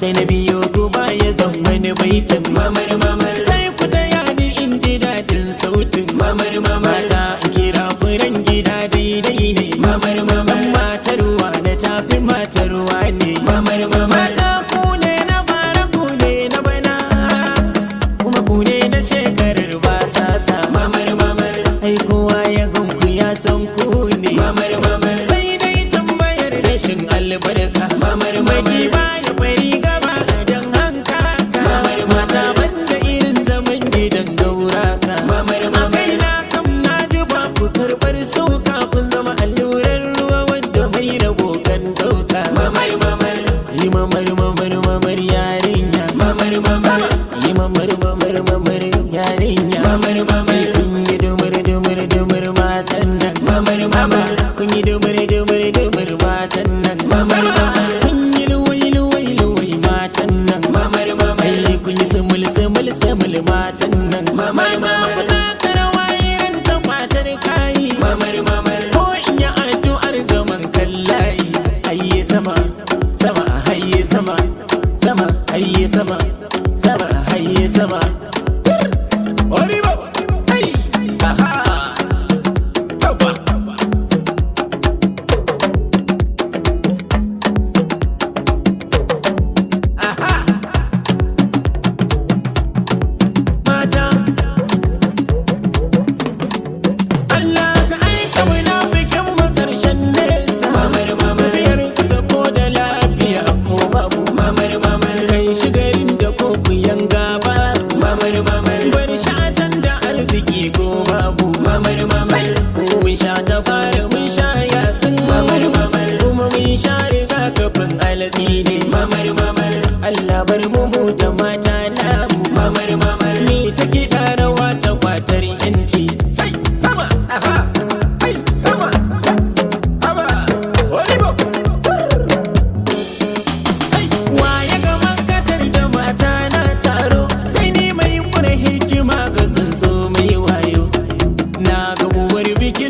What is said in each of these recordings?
sai na biyo kuma ya zan wani baitin mamar mamar sai ku ta ni in ji dadin sautin mamar mamar ta kira furen gida daidai ne mamar mamar mata ruwa da tafi mata ruwa ne mamar mamar mata ku ne na bara ku ne na bana kuma ku ne na shekarar ba sasa mamar mamar ai kowa ya gunku ya san ku ne mamar mamar sai dai tambayar rashin albarka mamar mamar ɗauka kun zama alluran ruwa wadda bai rabo kan ɗauka mamar mamar yi mamar Mamari mamari. yarinya mamari mamari yi mamar mamar mamar yarinya Mamari mamari. kun yi dumar dumar dumar matan nan Mamari mamari. kun yi dumar dumar dumar matan nan Mamari mamari. alatsi ne mamar mamar Allah bar mu huta mata na mu mamar mamar ni ta kiɗa rawa ta kwatar yanci Hai sama aha hai sama Aba wani bo wa ya ga makatar da mata na taro sai ni mai kure hikima ga zanzo mai wayo na ga uwar bikin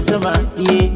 sama ye